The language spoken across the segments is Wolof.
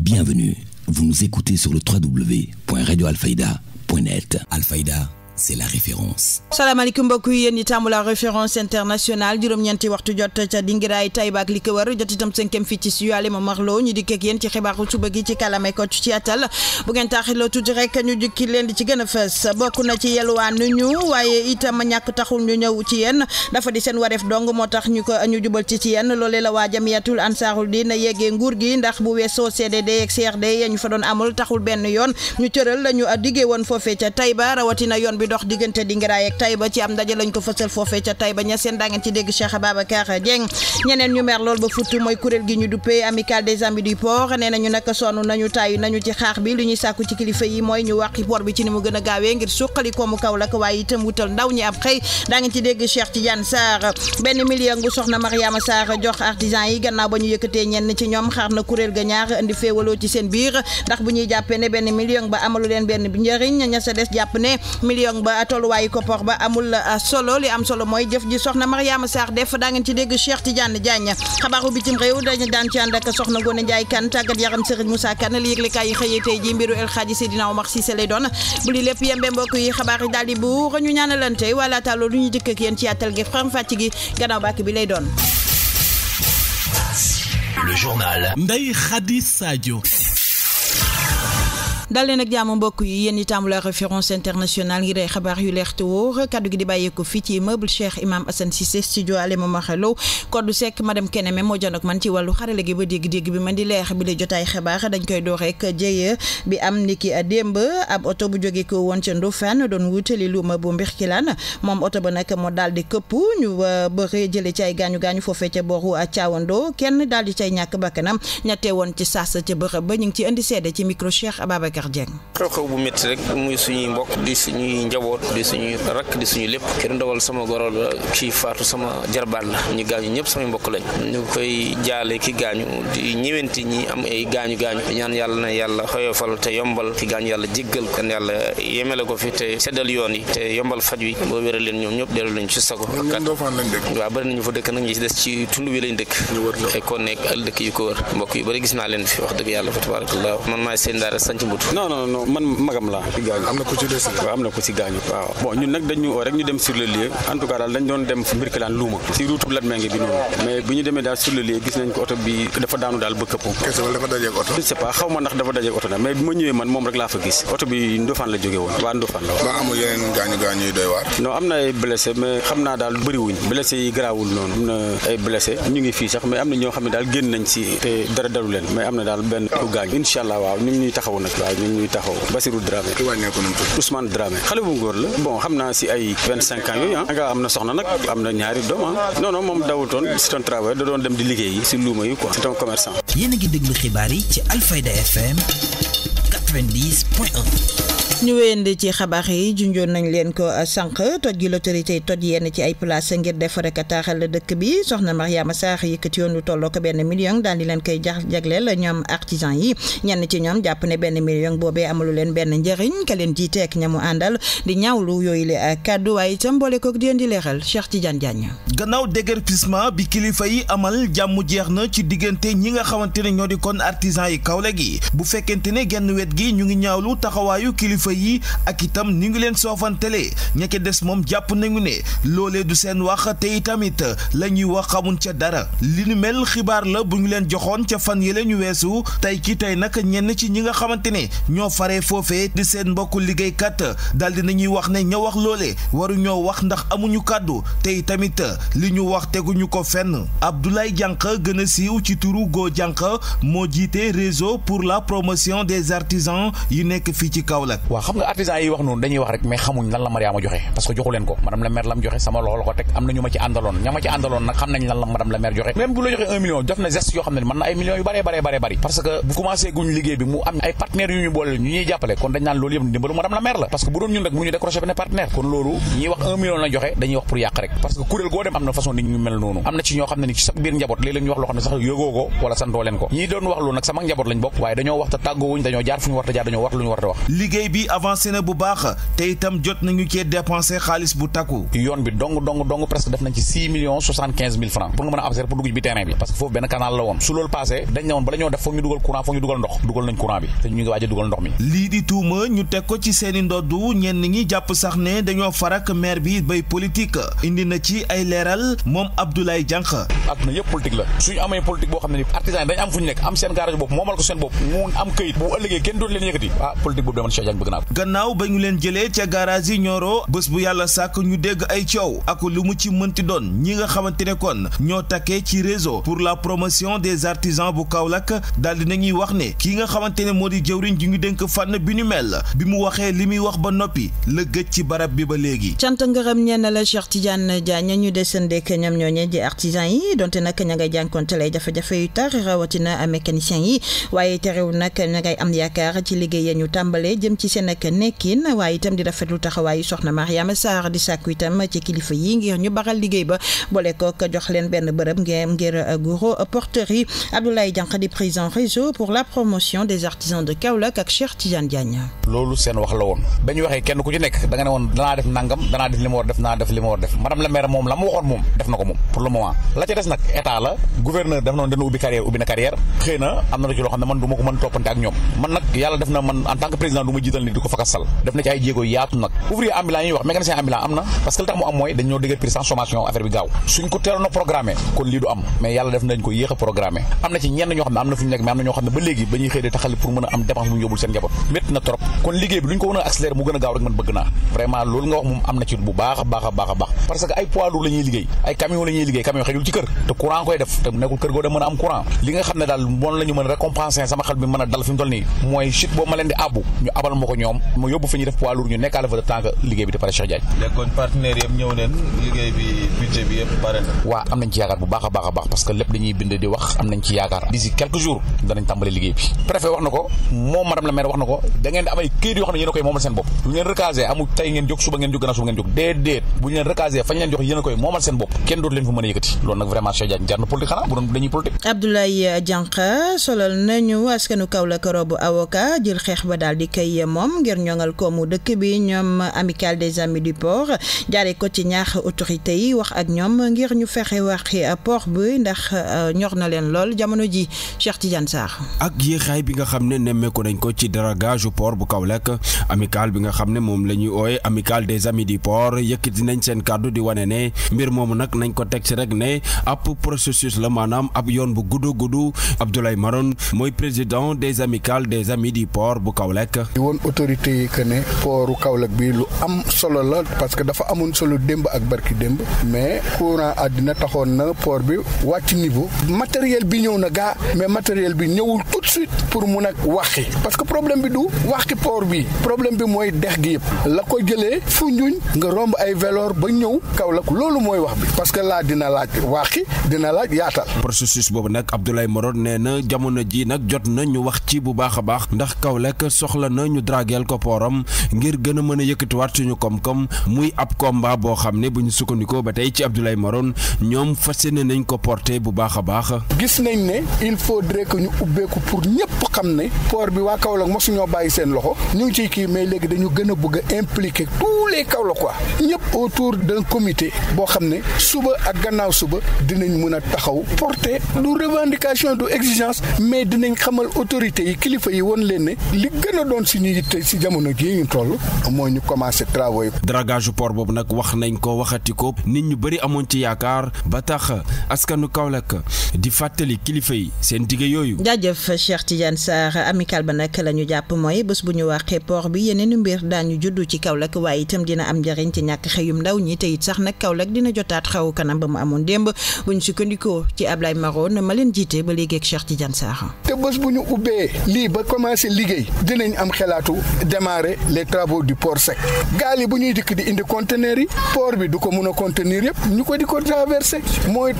Bienvenue, vous nous écoutez sur le www.radioalfaïda.net. Alfaida c'est la référence. Salam alaikum yi yéen itamou la référence internationale juróom-ñeenti waxtu jot ca dingiraay Taïba ak li 5 e jot itam seen ni fii ci studio mo marlo Lo ñu dikk ak yéen ci xibaaru suba gi ci kàllaame ko ci atal bu ngeen taaxiloo tuuti rek ñu jukki leen ci gëna fess bokku na ci ñu waye itam ñak taxul ñu ñew ci yeen dafa di seen dong moo tax ñu ko ñu jubal ci ci yeen lolé la waa jamiyatul ansaarul diin nguur gi ndax bu wesso CDD ak CRD ñu fa doon amul taxul benn yoon ñu tëral la ñu won fofé foofee ca Taïba rawatina yoon bi bi dox diggante Dingiraay ak Taïba ci am ndaje lañ ko fësal foofee ca Taïba ña seen daa ci dégg Cheikh Babacar Dieng ñeneen ñu mer lool ba futt mooy kuréel gi ñu duppee amicale des amis du port nee nañu nag sonn nañu taayu nañu ci xaax bi lu ñuy sàkku ci kilifa yi mooy ñu wàqi port bi ci ni mu gën a gaawee ngir suqali koomu Kaolack waaye itam wutal ndaw ñi ab xëy daa ci dégg Cheikh Tidiane Sarr benn million bu soxna Mariama Sarr yi ba ñu yëkkatee ñenn ci ñoom xaar na kuréel ga ñaar indi féewaloo ci koppang ba tolluwaayu koppar ba amul ah, solo li am solo mooy jëf ji soxna Mariama Sarr def daa ngeen ci dégg Cheikh Tidiane Diagne xabaaru bitim réew dañu daan ci ànd ak soxna Ngoné Ndiaye Kane tàggat yaram Serigne Moussa Kane li yëglekaay yi xëyee tey ji mbiru El Hadji Seydina Omar Cissé lay doon bu li lépp yembe mbokk yi xabaar yi daal di bu ñu ñaanalante wala taaloo lu ñu dikk ak ci yàttal gi faram gi gannaaw bàkk bi lay doon dal leen ak jàmm mbokk yi yéen itam la référence internationale ngir ay xabaar yu leer te wóor kaddu gi di bàyyeeko fii ci immeuble Cheikh Imam Assane Cissé studio Ale Momar Lo Codou Seck madame Keneme man ci wàllu xarale gi ba dégg-dégg bi man di leer bi la jotaay xabaar dañ koy door rek bi am niki démb ab oto bu jóge ko woon ca Ndofane doon wutali luuma bu Mbirkilaan moom oto ba nag moo daal di këpp ñu euh, bëre jële ci ay gaañu gaañu foofee ca booru euh, Thiawando kenn daal di cay ñàkk bakkanam ñattee woon ci saasa ca bërëb ba ñu ngi ci indi seede ci micro Cheikh Ababacar Babacar Dieng. xew-xew bu métti rek muy suñuy mbokk di su suñuy njaboot di suñuy rakk di suñuy lépp kër ndawal sama goro la kii faatu sama jarbaat la ñu gaañu ñëpp samay mbokk lañ ñu koy jaale ki gaañu di ñëwenti ñi am ay gaañu gaañu ñaan yàlla na yàlla xoyofal te yombal ki gaañu yàlla jéggal kan yàlla yemele ko fi te seddal yoon yi te yombal faj wi boo wéral leen ñoom ñëpp dellu lañ ci sago waaw bëri nañu fa dëkk nag ñi ci des ci tund wi lañ dëkk ay kon nekk al dëkk yu ko wër mbokk yu bëri gis naa leen fi wax dëgg yàlla fa tabarakallah man maay seen daara non non non man magam la ci gaañu na waaw am na ku ci gaañu waaw bon ñun nag dañu rek ñu dem sur le lieu daal dañ doon dem mbirkilaan luuma si route Latmingué bi noonu mais bi ko oto bi dafa daanu daal ba këpp kese wala dafa dajeeg oto je sais pas xaw ma ndax dafa dajeeg oto na mais bi ma ñëwee man moom rek laa fa gis oto bi Ndofane la jóge woon waa Ndofane la woon ba amul yeneen gaañu gaañu yu doy waar non am na ay blessé mais xam naa daal bëriwuñ blessé yi garaawul noonu am ay blessé ñu ngi fii sax mais am na ñoo xam ne daal génn nañ si te dara dalu leen mais na ñun ñuy taxaw Basirou Dramé Ousmane Dramé xale bu góor la bon xam naa si ay vingt cinq ans yooyu ah nga am na soxna nag am na ñaari doom ah non non moom dawutoon c'est un travail da doon dem di liggéey si luuma yi quoi c'est un commerçant yéen a ngi déglu xibaar yi ci Alfayda FM 90 point 1 ñu wéyandi ci xabaar yi junjoon nañ leen ko euh, sànq toj gi l'autorité yi toj yenn ci ay place ngir def rek taaxal dëkk bi soxna Mariama Sarr yëkkati yoon lu tolloo ko benn million daal di leen koy jax jagleel ñoom artisan yi ñenn ci ñoom jàpp ne benn million boobee amalu leen benn njëriñ ka leen jiite ak ñamu àndal di ñaawlu yooyu la euh, kàddu waaye itam boole kook di leen di leeral Cheikh Tidiane Diagne. gannaaw déguerpissement bi kilifa yi amal jàmm jeex na ci diggante ñi nga xamante ne ñoo di kon artisan yi kawle gi bu fekkente ne genn wet gi ñu ngi ñaawlu taxawaayu kilifa yi ak itam ñu ngi leen soofantelee ñekke des moom jàpp nañu ne loolee du seen wax te tamit la ñuy wax xamuñ ca dara li nu mel xibaar la bu ñu leen joxoon ca fan yële ñu weesu tey kii tey nag ñenn ci ñi nga xamante ne ñoo faree foofe di seen mbokku liggéeykat daal di nañuy wax ne ña wax loole waru ñoo wax ndax amuñu kàddu tey tamit li ñu wax teguñu ko fenn Abdoulaye Dianka gën a siiw ci turu Go Dianka moo jiite réseau pour la promotion des artisans yu nekk fii ci Kaolack waaw xam nga artisan yi wax noonu dañuy wax rek mais xamuñ lan la Mariama joxe parce que joxu leen ko madame la maire la ko bu la joxe un million la maire la am na façon nit ñu mel noonu am na ci ñoo xam ne ni ci sax biir njaboot léeg-léeg wax loo xam ne sax yëgoo ko wala santoo leen ko ñi doon wax loolu nag sama njaboot lañ bokk waaye dañoo wax te tàggoo wuñ dañoo jaar fu ñu war jaar dañoo wax lu ñu war a wax bi avancé na bu baax te itam jot nañu ci dépenser xaliss bu takku. yoon bi dong dong dong presque def nañ ci 6 millions soixante quinze francs pour nga mëna a observer pour dugg bi terrain bi parce que fofu ben canal la won su loolu passé dañ ne woon bala ñoo def foog ñu dugal courant foog ñu dugal ndox duggal nañ courant bi té ñu ngi waaj duggal ndox mi. li di tuuma ñu tek ko ci seeni ndoddu ñenn ñi japp sax né dañoo farak maire bi bay politique indi na ci ay léral mom Abdoulaye ak na yëpp politique la suñu amee politique bo xamné artisan dañ am fuñu nek am seen garage bop momal ko seen bop mu am këyit bu ëllëgee kenn dootu leen yëkëti ah politique bu dama Cheikh Diagne bëgg arab gannaaw ba ñu leen jëlee ca garage yi Nioro bés bu yàlla sàkk ñu dégg ay coow ak lu mu ci mënti doon ñi nga xamante ne kon ñoo takkee ci réseau pour la promotion des artisans bu Kaolack daal di nañuy wax ne kii nga xamante ne moo di jëwriñ ji ñu dénk fànn bi ñu mel bi mu waxee li muy wax ba noppi la gëj ci barab bi ba léegi. cant ngërëm ñenn la Cheikh Tidiane Diagne ñu desandeek ñoom ñoo ñee di artisans yi donte nag ña ngay jànkoontelee jafe-jafe yu tar yi waaye terew ña ngay am yaakaar ci liggéey ya ñu tàmbalee jëm nek nekkin waaye itam di rafetlu taxawaayu soxna Mariama sar di sàkku itam ci kilifa yi ngir ñu baral liggéey ba ko ko jox len benn bërëb ngir ngir euh, guro porterie Abdoulaye Diank di président réseau pour la promotion des artisans de Kaolack ak Cheikh Tidiane Diagne. lolu seen wax la won bañ waxé kenn ku ci nek da nga won woon danaa def nangam danaa def li ma war def na def li ma war def madame la maire mom la waxon mom def nako mom pour le moment la ci dess nak état la gouverneur def noonu dana ubbi carrière ubbi na carrière xeyna amna am ci lo xam ne man duma ko man topante ak ñom man nak yalla def na man en tant que président duma jital ni di ko fakasal def na ci ay jéego yaatu nak ouvrier ambulant yi wax mécanicien ambulant amna parce que tax mu am moy dañ ñoo dëgër prix sans affaire bi gaaw suñ ko téro no programmé kon li du am mais yalla def nañ ko yéxa programmé amna ci ñenn ñoo xamna amna fuñu nek mais amna na ñoo xam ba légui ba ñuy xéde taxali pour mëna am dépense mu yobul seen jabot met na trop kon liggéey bi luñ ko mën accélérer mu gëna a gaaw rek man bëgg na vraiment lool nga wax moom amna ci bu baax baax baax baax parce que ay poids lu lañuy liggéey ay camion lañuy liggéey camion xëjul ci kër te courant koy def te nekul kër go dem mëna am courant li nga xam dal bon lañu mëna récompenser sama xel bi mëna dal fi mu toll nii mooy chute ma leen di àbbu ñu abal mako ñu ñoom yóbbu fa ñuy def poids lourd ñu nekkaale fa de temps liggéey bi di pare Cheikh Diagne. kon partenaires yëpp ñëw neen liggéey bi budget bi pare na. waaw am nañ ci yaakaar bu baax a baax a baax parce que lépp dañuy bind di wax am nañ ci yaakaar d'ici quelques jours danañ tàmbale liggéey bi préfet wax na ko moom madame la maire wax na ko da di am ay yoo xam ne yéen koy moomal seen seen bopp kenn dootu leen fu mën a yëkkati loolu nag vraiment Cheikh Diagne jar ngir ngir ko mu dëkk bi ñoom amical des amis du port jaaree ko ci ñaax autorité yi wax ak ñoom ngir ñu fexe waxi port bi ndax euh, ñor na leen lool jamono ji Cheikh Tidiane Sarr. ak xay bi nga xam ne ko nañ ko ci dragage port bu Kaolack amical bi nga xam mom lañuy la amical des amis du port yëkkati nañ seen cadeau di wane ne mbir moomu nak nañ ko teg si rek ne ab processus la manam ab yoon bu gudd gudd Abdoulaye Maron moy président des amical des amis du port bu di won auto autorités yi que ne pooru Kaolack bi lu am solo la parce que dafa amoon solo démb ak barki démb mais courant àddina taxoon na poor bi wàcc niveau matériel bi ñëw na gaa mais matériel bi ñëwul tout suite pour mun a waxi parce que problème bi du waxi port bi problème bi mooy dex gi yëpp la ko jëlee Foundiougne nga romb ay veloor ba ñëw Kaolack loolu mooy wax bi parce que laa dina laaj waxi dina laaj yaatal processus boobu nag Abdoulaye Morone nee na jamono ji nag jot na ñu wax ci bu baax a baax ndax Kaolack waajal ko pooram ngir gën a mën a yëkkatiwaat suñu koom-koom muy ab combat boo xam ne bu ñu sukkandikoo ba tey ci Abdoulaye Morone ñoom fas yéene nañ ko porter bu baax a baax. gis nañ ne il faudrait que ñu ubbeeku pour ñëpp xam ne poor bi waa Kaolack mosuñoo bàyyi seen loxo ñu ngi ciy kii mais léegi dañu gën a bëgg a impliquer tous les Kaolackois ñëpp autour d'un comité boo xam ne suba ak gannaaw suba dinañ mën a taxaw porter du revendication du exigence mais dinañ xamal autorité yi kilifa yi won leen li gën doon suñu yitte te si jamono jii ñu toll mooy ñu commencé travaux yi. dragage port boobu nag wax nañ ko waxati ko nit ñu bëri amoon ci yaakaar ba tax askanu Kaolack di fàttali kilifa yi seen digg yooyu. jaajëf Cheikh Tidiane Sarr amical ba nag la ñu jàpp mooy bés bu ñu waxee port bi yeneen mbir daañu juddu ci Kaolack waaye itam dina am njariñ ci ñàkk xëyum ndaw ñi te it sax nag kawlek dina jotaat xaw kanam ba mu amoon démb bu ñu sukkandikoo ci ab Ablaye Marone ma leen jiite ba léegi ak Cheikh Tidiane Sarr. te bés bu ñu ubbee lii ba commencé liggéey dinañ am xalaatu démarrer les travaux du port sec gaal yi dik di indi conteneur yi port bi du ko mun a contenir yëpp ñu ko di ko traversé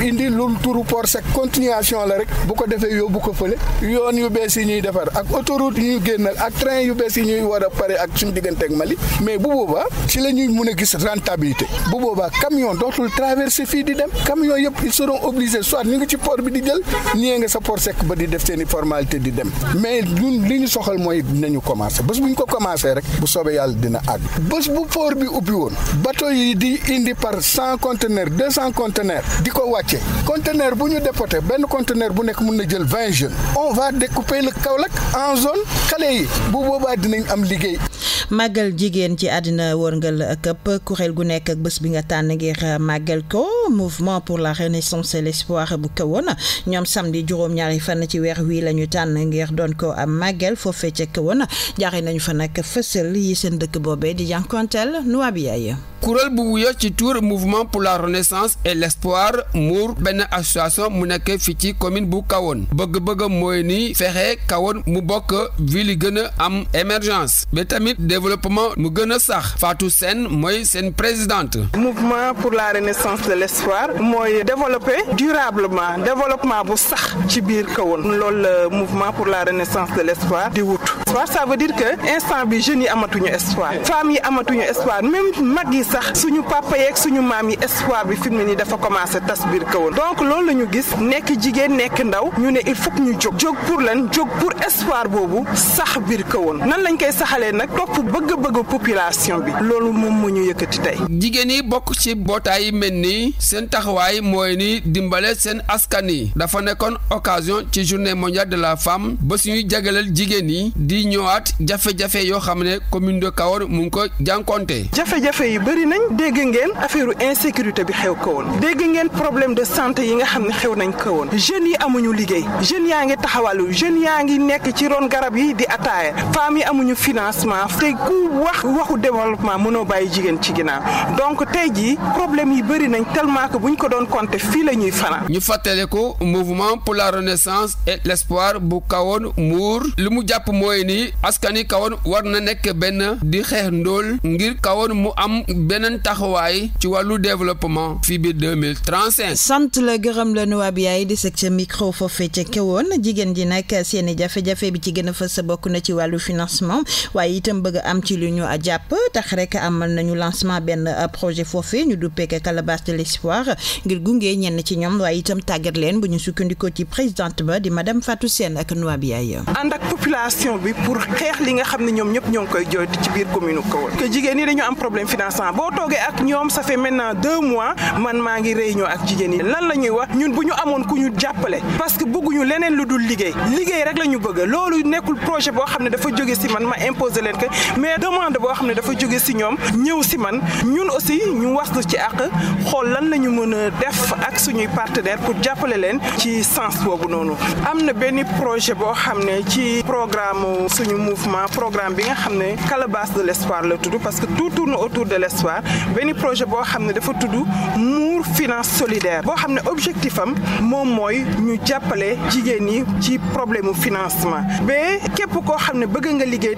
indi loolu touru port sec continuation la rek bu ko defee yóbbu ko fële yoon yu bees ñuy defar ak autoroute yi ñuy génnal ak train yu bees yi ñuy war a ak suñu diggante ak Mali mais bu boba ci la ñuy gis rentabilité bu boba camion dootul traverser fi di dem camion yëpp ils seront obligés soit ñu ngi ci port bi di jël ñee nga sa port sec ba di def seen i formalité di dem mais ñun liñu soxal moy nañu commencer bu ko commencé rek bu soobee yàlla dina àgg bés bu port bi ubbi woon bateau yi di indi par 100 conteneurs 200 conteneur conteneurs di ko wàcce conteneur bu ñu dépoté benn conteneur bu nekk mun na jël 20 jeunes on va découper le Kaolack en zone xale yi bu boobaa dinañ am liggéey magal jigen ci adina wërngal këpp kurel gu nek ak bés bi nga tànn ngir euh, màggal ko mouvement pour la renaissance et l'espoir bu kawoon ñom samedi juróom-ñaari fan ci weer wi lañu ñu tànn ngir doon ko am màggal foofee ca kawoon jaxé nañu fa nak fessel yi seen dëkk bobé di jànkonteel nuwaa bi yaay bu wuyoo ci tour mouvement pour la renaissance et l'espoir mour ben association mu nekk fi ci commune bu kawone bëgg-bëgg moy ni fexe kawone mu bokk ville gëna am émergence mais tamit développement mu gën a sax Fatou Sène mooy seen présidente. mouvement pour la renaissance de l'espoir mooy développer durablement développement bu sax ci biir kawoon loolu la mouvement pour la renaissance de l'espoir di wut. espoir ça veut dire que instant bi jeunes yi amatuñu espoir femmes yi amatuñu espoir même mag yi sax suñu papa yeeg suñu maam yi espoir bi fi mu ne dafa commencé tas biir donc loolu la ñu gis nekk jigéen nekk ndaw ñu ne il faut que ñu jóg jóg pour lan jóg pour espoir boobu sax biir kawoon nan lañ koy saxalee nag topp bëgg-bëgg population bi loolu moom moo ñu yëkkati tey. jigéen yi bokk ci mbootaay yi mel ni seen taxawaay mooy ni dimbale seen askan yi dafa nekkoon occasion ci journée mondiale de la femme ba suñuy jagleel jigéen yi di ñëwaat jafe-jafe yoo xam ne commune de Kaolack mu ngi ko jànkonte. jafe-jafe yi bëri nañ dégg ngeen affaire insécurité bi xew ko dégg ngeen problème de santé yi nga xam ne xew nañ ko woon jeunes yi amuñu liggéey jeunes yaa ngi taxawalu jeunes yaa ngi nekk ci ron garab yi di ataaya femmes amuñu financement ku wax waxu développement mënoo bàyyi jigéen ci ginaar donc tey jii problème yi bëri nañ tellement que bu ñu ko doon compter fii la ñuy fanaan. ñu fàttale ko mouvement pour la renaissance et l' espoir bu kawoon muur li mu jàpp mooy ni askani kawoon war na nekk benn di xeex ndool ngir kawoon mu am beneen taxawaay ci wàllu développement fii bi 2035. sant la gërëm la nuwaab yaay di sëg sa micro foofee ca kewoon jigéen ji nag seeni jafe-jafe bi ci gën a fës bokk na ci wàllu financement am ci lu ñu jàpp tax rek amal nañu lancement ben projet fofé ñu duppeek calebasse de l'espoir ngir gungé ñenn ci ñom way itam tàggat leen bu ñu sukkandikoo ci présidente ba di madame Fatou Sen ak Nouabiaye and ak population bi pour xeex li nga xam ñom ñoom ñong koy jooytu ci biir commune ko Kahone que jigéen ni dañu am problème financement bo togué ak ñom ça fait maintenant deux mois man ma ngi réunion ak jigéen ni lan lañuy wax ñun bu ñu amoon ku ñu jàppale parce que bëggu ñu leneen lu dul liggéey liggéey rek lañu bëgg lolu nekkul projet bo xam dafa joggé ci man ma imposer leen que mais demande bo xam dafa ci man aussi ñu waslu ci lan def ak suñuy partenaire pour sens projet programme mouvement programme bi nga de l'espoir parce que tout tourne autour de l'espoir benn projet bo finance solidaire Bo objectif am mom moy ñu jigéen ci problème financement mais képp ko bëgg nga liggéey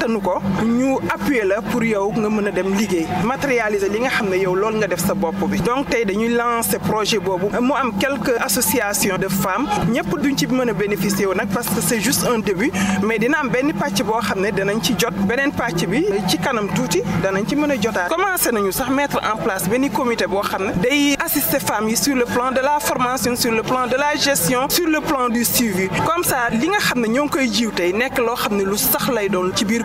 attanu ko ñu appuyer la pour yow nga mën a dem liggéey matérialiser li nga xam ne yow loolu nga def sa bopp bi donc tey dañuy lancer projet boobu mu am quelques associations de femmes ñëpp duñ ci mën a bénéficier wu nag parce que c'est juste un début mais dina am benn pàcc boo xam ne danañ ci jot beneen pàcc bi ci kanam tuuti danañ ci mën a jotaat commencé nañu sax mettre en place benn comité boo xam ne day assister femmes sur le plan de la formation sur le plan de la gestion sur le plan du suivi comme ça li nga xam ne ñoo ngi koy jiw tey nekk loo xam ne lu sax lay doon ci biir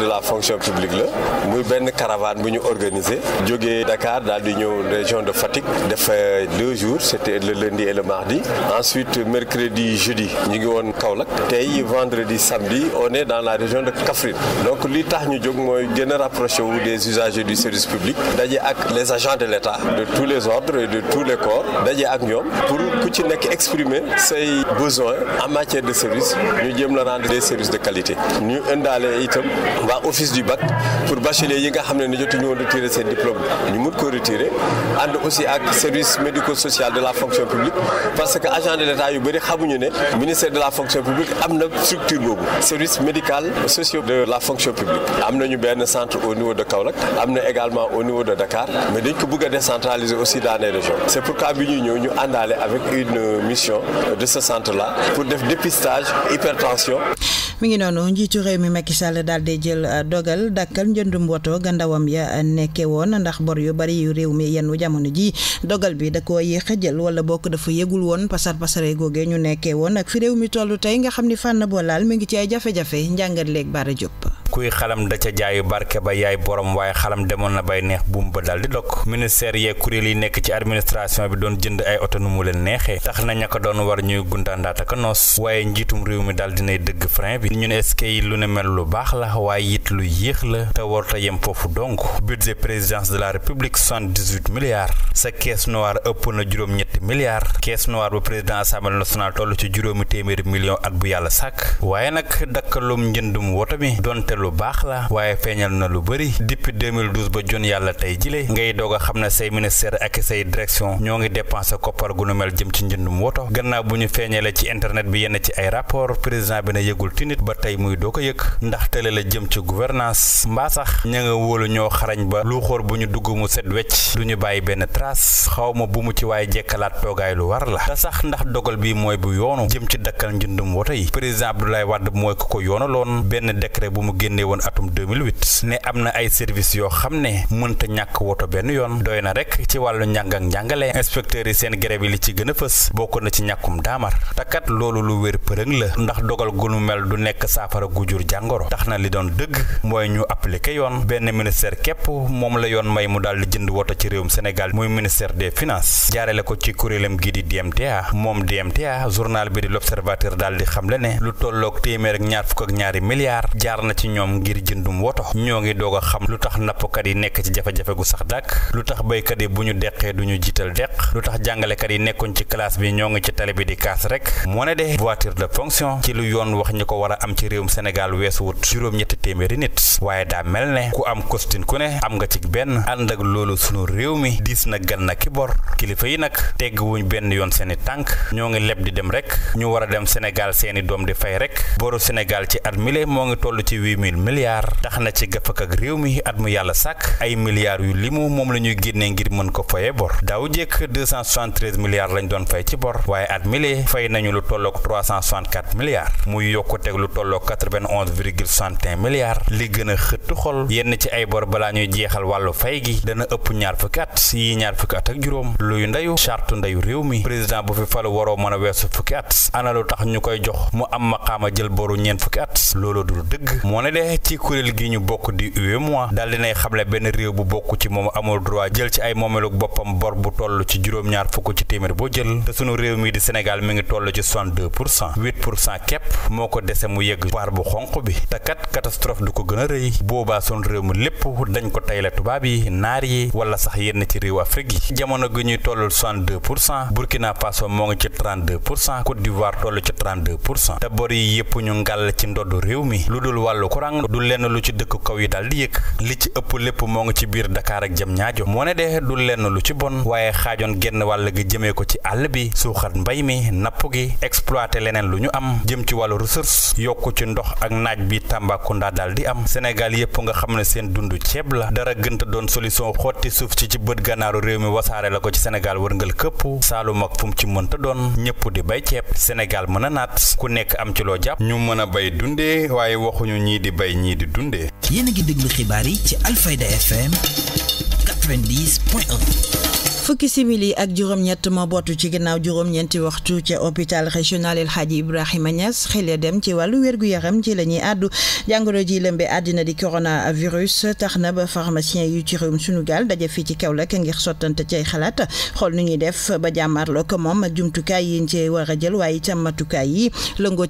de la fonction publique nous avons une caravane organisée. Nous organisé Dakar dans di région de Fatick def deux jours c'était le lundi et le mardi ensuite mercredi jeudi nous ngi Kaolack Et vendredi samedi on est dans la région de Kaffrine donc l'État nous des usagers du service public d'ailleurs les agents de l'État de tous les ordres et de tous les corps pour exprimer ses besoins en matière de service nous avons rendre des services de qualité ñu des itam on office du bac pour bachelier yi nga xamné ñu retirer ses diplôme ñu mut ko retirer and aussi ak service médico-social de la fonction publique parce que agent de l'État yu ministère de la fonction publique a une structure le service médical social de la fonction publique Nous ñu un centre au niveau de Kaolack amna également au niveau de Dakar mais dañ ko bëgg décentraliser aussi dans les régions c'est pourquoi nous avons ñëw ñu avec une mission de ce centre là pour def dépistage hypertension mi ngi noonu njiitu réew mi Macky Sall daal di jël euh, dogal dakkal njëndum woto ndawam ya nekke woon ndax bor yu bari yu réew mi yenn jamono ji dogal bi da koo yéex a jël wala bokk dafa yëgul woon pasar pasare googee ñu nekkee woon ak fi réew mi toll tey nga xam ni fànn boo laal mi ngi ci ay jafe-jafe njàngat leeg Bara Diop kuy xalam da ca jaayu barke ba yaay borom waaye xalam demoon na bay neex buum ba daal dokk ministère yee kuréel yi nekk ci administration bi doon jënd ay oto nu mu leen neexee tax na ña ko doon war ñuy gundaandaata ka noos waaye njiitum réew mi daal dinay dëgg frein bi ñu ne est yi lu ne mel lu baax la waaye it lu yéex la te warta yem foofu donc budget présidence de la république 78 milliards sa caisse noire ëpp na juróom-ñetti milliards caisse noire bu président assemblée nationale toll ci juróomi téeméeri million at bu yàlla sàkk waaye nag dakkalum njëndum woto mi donte lu lu baax la waaye feeñal na lu bëri depuis ba jon yàlla tey jile ngay doog a xam ne say ministère ak say direction ñoo ngi dépensé koppar gu nu mel jëm ci njëndum woto gannaaw bu ñu feeñale ci internet bi yenn ci ay rapport ba tey muy doo ko la jëm ci mbaa sax ña nga ñoo xarañ ba lu xóor bu ñu dugg mu set wecc duñu bàyyi benn trace xaw ma bu mu ci waaye jekkalaat toogaay lu war la te sax ndax dogal bi mooy bu yoonu jëm ci dakkal njëndum woto yi président Abdoulaye Wade mooy ku ko yoonaloon benn décret bu mu génn génnee woon atum 2008 ne am na ay service yoo xam ne mënta ñàkk woto benn yoon doy na rek ci wàllu njàng ak njàngale inspecteurs yi seen grève yi li ci gën a fës bokk na ci ñàkkum daamar takat loolu lu wér përëng la ndax dogal gunu mel du nekk saafara gu jur jàngoro tax na li doon dëgg mooy ñu appliqué yoon benn ministère képp moom la yoon may mu daal di jënd woto ci réew Sénégal muy ministère des finances jaarale ko ci kuréelam gii di DMTA moom DMTA journal bi di l'observateur daal di xamle ne lu tolloog téeméer ak ñaar fukk ñoom ngir jëndum woto ñoo ngi doog a xam lu tax nappkat yi nekk ci jafe-jafe gu sax dàkk lu tax baykat yi bu ñu deqee du ñu jiital deq lu tax jàngalekat yi nekkuñ ci classe bi ñoo ngi ci tali bi di kaas rek moo ne de voiture de fonction ci lu yoon wax ñi ko war a am ci réewum Sénégal weesu wut juróom-ñetti téeméeri nit waaye daa mel ne ku am costine ku ne am nga cig benn ànd ak loolu sunu réew mi diis na gan na ki bor kilifa yi nag tegg wuñ benn yoon seeni tànk ñoo ngi leb di dem rek ñu war a dem Sénégal seeni doom di fay rek mille milliards tax na ci gafak ak réew mi at mu yàlla sàkk ay milliards yu limu moom la ñuy génnee ngir mën ko faye bor daaw jekk 273 doon fay ci bor waaye at milee fay nañu lu tollook 364 milliards muy lu tollook 91 li gën a xëtt xol yenn ci ay bor balaa ñuy jeexal wàllu fay gi dana ëpp ñaar fukki at yi ñaar fukki at ak juróom luy ndeyu charte ndeyu réew mi président bu fi falu waroo mën a weesu fukki at ana lu tax ñu koy jox mu am maqaama jël ne ci kuréel gi ñu bokk di mois daal dinay xamle benn réew bu bokk ci moom amul droit jël ci ay moomeelu boppam bor bu toll ci juróom-ñaar fukk ci téeméer boo jël te sunu réew mi di Sénégal mi ngi toll ci 62 pour cent 8 pour cent képp moo ko dese mu yegg waar bu xonq bi te kat catastrophe du ko gën a rëy boobaa sunu réew mi lépp dañ ko tey la tubaab yi naar yi wala sax yenn ci réew Afrique yi jamono gi ñuy toll 62 pour cent Burkina Faso moo ngi ci 32 pour cent Côte d'Ivoire toll ci pour cent te bor yëpp ñu ngàll ci ndoddu réew mi kaaraang du lenn lu ci dëkk kaw yi daal di yëg li ci ëpp lépp moo ngi ci biir Dakar ak jëm ñaajo moo ne de du lenn lu ci bon waaye xaajoon genn wàll gi jëmee ko ci àll bi suuxat mbay mi napp gi exploité leneen lu ñu am jëm ci wàllu ressource yokku ci ndox ak naaj bi Tambacounda daal di am Sénégal yépp nga xam ne seen dund ceeb la dara gënt doon solution xotti suuf ci ci bët gànnaaru réew mi wasaare la ko ci Sénégal wërngal këpp Saalum ak fu mu ci mënta doon ñëpp di bay ceeb Sénégal bay ñii di dundee. yéen a ngi déglu xibaar yi ci Alfayda FM 90 point fukki simili ak juróom-ñett mo botu ci ginnaaw juróom ñenti waxtu ci hôpital régional El Hadji Ibrahima Niass xel ya dem ci walu wergu yaram ci lañuy addu jangoro ji lembe adina di corona virus na ba pharmacien yu ci réewum sunu gaal daje fii ci ke ngir sotante ci xalaat xol nu ñuy def ba lo ko mom jumtu kay yi ci wara jël waye waaye matu kay yi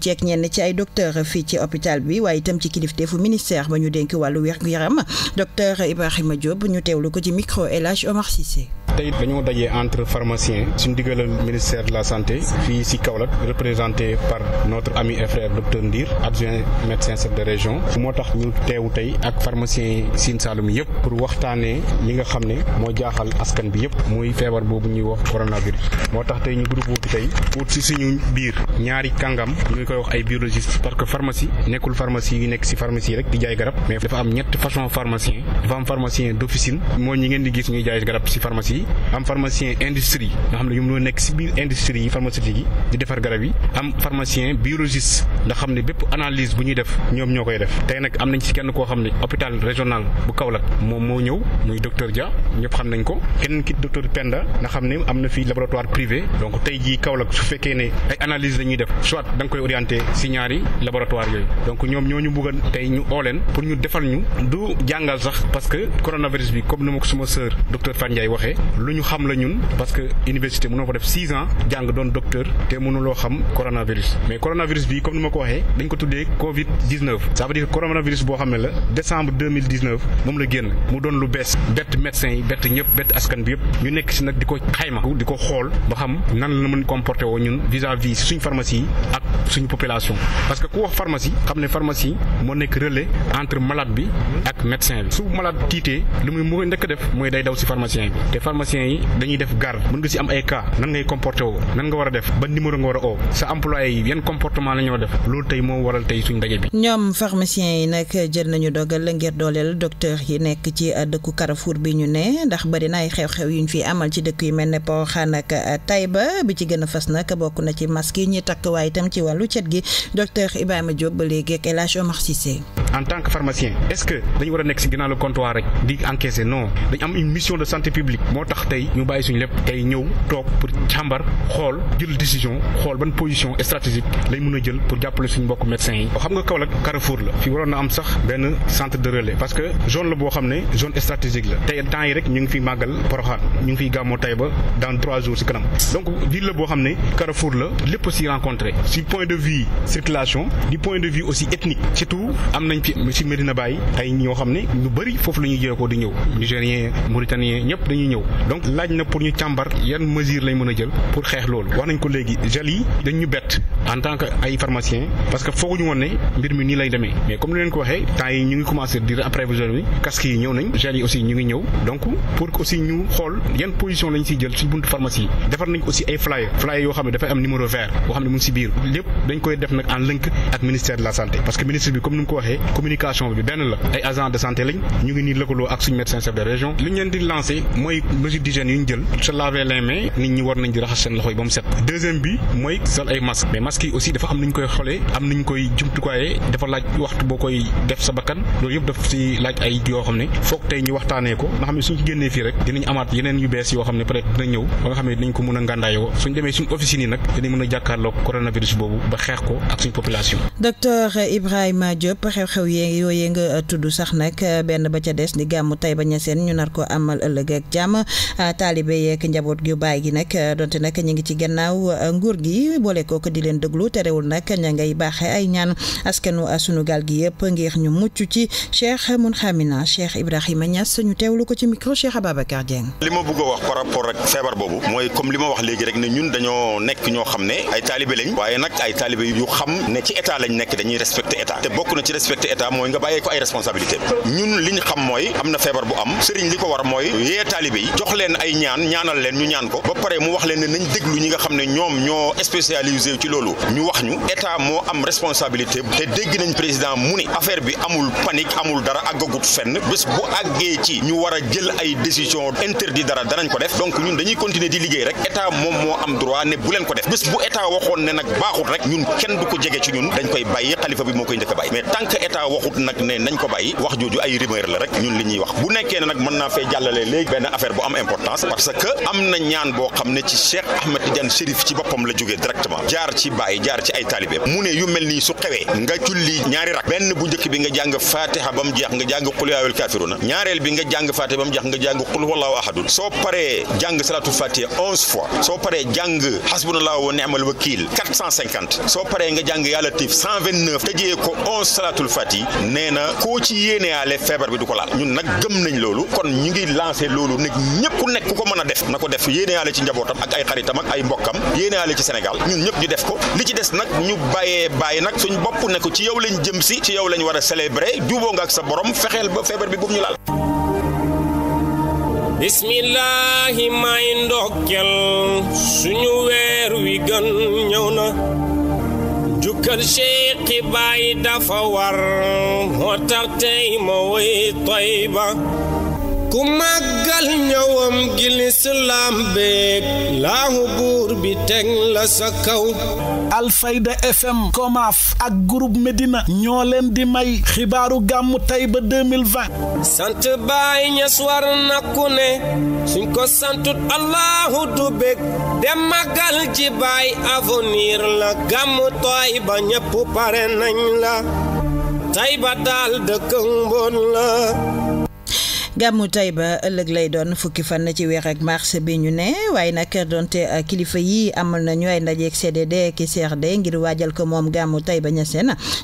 ci ak ñen ci ay docteur fi ci hôpital bi waye tam ci fu ministère ba ñu denk walu wergu yaram docteur Ibrahima Diop ñu tewlu ko ci micro LH Omar Cissé tey dañoo dajee entre pharmaciens suñu le ministère de la santé fii si Kaolack représenté par notre ami et frère docteur Ndir adjoint médecin chef de région moo tax ñu teewu tey ak pharmaciens yi Sine Saloum yëpp pour waxtaanee li nga xam ne moo jaaxal askan bi yépp muy feebar boobu ñuy wax coronavirus moo tax tey ñu groupe wu tey ut si suñu biir ñaari kàngam ñu koy wax ay biologiste parce que pharmacie nekkul pharmacie yu nekk si pharmacie rek di jaay garab mais dafa am ñett façon pharmacien dafa am pharmacien d'officine mooy ñi ngeen di gis ñuy jaay garab si pharmacie am pharmacien industrie nga xam ne ñoom ñoo nekk si biir industrie yi pharmaceutique yi di defar garab yi am pharmacien biologiste nga xam ne bépp analyse bu ñuy def ñoom ñoo koy def tey nag am nañ si kenn koo xam ne hôpital régional bu Kaolack moom moo ñëw muy docteur Dia ñëpp xam nañ ko keneen ki docteur Penda nga xam ne am na fii laboratoire privé donc tey jii Kaolack su fekkee ne ay analyse la ñuy def soit da nga koy orienté si ñaari laboratoire yooyu donc ñoom ñoo ñu bugg tey ñu ooleen pour ñu defal ñu du jàngal sax parce que coronavirus bi comme ni ma ko suma sœur docteur Fane Ndiaye waxee lu ñu xam la ñun parce que université mëno fa def six ans jang doon docteur mënu lo xam coronavirus mais coronavirus bi comme ni ko waxé dañ ko tuddé Covid 19. ça veut dire coronavirus bo xamné la décembre 2019, mille la génn mu doon lu bess bett médecin yi bett ñëpp bett askan bi yëpp ñu nekk ci nak diko xayma diko xol ba xam nan la mëne comporté wo ñun vis à vis suñu pharmacie ak suñu population. parce que ku wax pharmacie xamné pharmacie mo nekk relais entre malade bi ak médecin bi su malade tité lu muy njëkk def moy day daw ci pharmacien bi te pharmaciens yi dañuy def garde mën nga si am ay cas nan ngay comporté woo nan nga war a def ban numéro nga war a oo sa employé yi yan comportement la ñu war def loolu tey moo waral tey suñ ndaje bi. ñoom pharmaciens yi nag jël nañu dogal ngir dooleel docteur yi nekk ci euh, dëkku Carrefour bi ñu ne ndax bari na ay xew-xew yuñ fi amal ci dëkk yu mel ne Porokhane ak euh, Taïba bi ci gën a fas nag bokk na ci masque yi ñuy takk waaye itam ci wàllu cet gi docteur Ibrahima Diop ba léegi ak El Hadj Omar Cissé en tant que pharmacien est-ce que dañu war a nekk si ginnaaw le comptoir rek di encaisser non dañ am une mission de santé publique moo tax tax tey ñu bàyyi suñu lépp tey ñëw toog pour càmbar xool jël décision xool ban position stratégique lay mën a jël pour jàppale suñu mbokk médecins yi xam nga Kaolack Carrefour la fi waroon na am sax benn centre de relais parce que zone la boo xam ne zone stratégique la tey temps yi rek ñu ngi fi màggal Poroxaan ñu ngi fiy gàmmoo ba dans trois jours ci kanam donc ville la boo xam ne Carrefour la lépp si rencontré si point de vue circulation du point de vue aussi ethnique tout am nañ fi si Medina Baye ay ñoo xam ne ñu bëri foofu la ñuy jëlee ko di ñëw nigérien mauritanien ñëpp dañuy ñëw donc laaj na pour ñu càmbar yan mesure lay mën a jël pour xeex loolu wax nañ ko léegi gel yi dañ ñu bett en tant que ay pharmacien parce que fooguñu woon ne mbir mi nii lay demee mais comme ni leen ko waxee temps yi ñu ngi commencé dire après vision bi casque yi ñëw nañ gel yi aussi ñu ngi ñëw donc pour aussi ñu xool yan position lañ siy jël si buntu pharmacie yi defar nañ aussi ay flyer flyer yoo xam ne dafay am numéro vert boo xam ne mu ngi si biir lépp dañ koy def nag en lënk ak ministère de la santé parce que ministre bi comme ni ko waxee communication bi benn la ay agent de santé lañ ñu ngi nii lëkkaloo ak suñu médecin chef de région liñ leen di lancer mooy mesure d'hygiène yu ñu jël se laver les mains nit ñi war nañ di raxas seen set deuxième bi mooy sol ay masque mais masque yi aussi dafa am nañ koy xoolee am nañ koy jumtukaayee dafa laaj waxtu boo def sa bakkan loolu yëpp daf si laaj ay yoo xam ne foog ñu waxtaanee ko nga xam ne suñ ci rek dinañ amaat yeneen yu bees yoo xam peut être dina ñëw ba nga dinañ ko mën a suñ demee suñ officine yi nag dinañ mën a coronavirus ba ko ak suñ population docteur Diop xew-xew nga sax ba ca des di mutai Taïba Niassène ñu nar ko amal ëllëg ak Ah, talibé yek njabot gu bay gi nak ah, donte nak ñi ngi ci gannaaw ah, nguur gi bolé ko di leen déglu terewul nak ña ngay ay ñaan askanu asunu gal gi yep ngir ñu muccu ci Cheikh khamina Cheikh Ibrahima Niass ñu téwlu ko ci micro Cheikh ababakar Dieng. lima bëgg wax par rapport ak feebar bobu moy comme li wax légui rek ne ñun dañoo nekk ñoo xamné ay talibé lañ waaye nak ay talibé yu xam ne ci état lañ nekk dañuy respecter état té bokku na ci respecter état moy nga bayé ko ay responsabilité ñun liñ xam moy am na bu am sëriñ liko war moy yé talibé yi jox leen ay ñaan ñaanal leen ñu ñaan ko ba pare mu wax leen ne nañ déglu ñi nga xam ne ñoom ñoo spécialisé ci loolu ñu wax ñu état moo am responsabilité te dégg nañ président mu ni affaire bi amul panique amul dara àggagut fenn bés bu àggee ci ñu war a jël ay décision interdit dara danañ ko def donc ñun dañuy continuer di liggéey rek état moom moo am droit ne bu leen ko def bés bu état waxoon ne nag baaxut rek ñun kenn du ko jege ci ñun dañ koy bàyyi xalifa bi moo koy njëkk a bàyyi mais tant que état waxut nag ne nañ ko bàyyi wax jooju ay rumeur ñuy wax bu nekkee ne nag mën naa fee jàllale léegi benn affaire bu importance parce que am na ñaan bo xam ci Cheikh Ahmed Tidiane cherif ci boppam la jógee directement jaar ci baye jaar ci ay talibé mu ne yu melni su xewé nga julli ñaari rak benn bu njëkk bi nga jàng fatiha bam jeex nga jàng qul yaa ayyuhal kaafiruuna ñaareel bi nga jàng fatiha bam jeex nga jàng qul huwallaahu ahadun so paré jàng salaatul fatiha onze fois so paré jàng hasbunallahu wa ni'mal wakil 450 so paré nga jàng yàlla tiif 129 jé ko 11 salaatul fatiha néna ko ci yéné yéeneyaale feebar bi du ko laal ñun nak gëm nañ lolu kon ñu ngi lancé loolu nag ñëpp ku nekk ku ko a def ko def yéeneyaale ci njabootam ak ay xaritam ak ay mbokkam yéeneyaale ci Sénégal ñun ñëpp ñu def ko li ci des nag ñu bàyyee bàyyi nag suñ bopp ne ko ci yow lañ jëm si ci yow lañ war a célébrer juboo nga ak sa borom fexeel ba feebar bi bu ñu laal bismillaahi may ndokkel suñu weer wi gën ñëw na jukkal Seexi Baay dafa war moo tax tey ma woy Tayba ku màggal ñëwam gi lislaam beeg laahu buur bi teg la sa kaw alfayda fm komaaf ak groupe Medina ñoo leen di may xibaaru gàmmu tey ba 2020 sant baay ñas war na ne suñ ko santut allahu du bég dem màggal ji baay avenir la gàmmu tooy ba pare nañ la tey daal dëkk mbon la gàmmu Taïba ëllëg lay doon fukki fan ci weer ak mars bi ñu ne waaye nag donte uh, kilifa yi amal na nañu ay de CDD ak de ngir waajal ko moom gàmmu Taïba na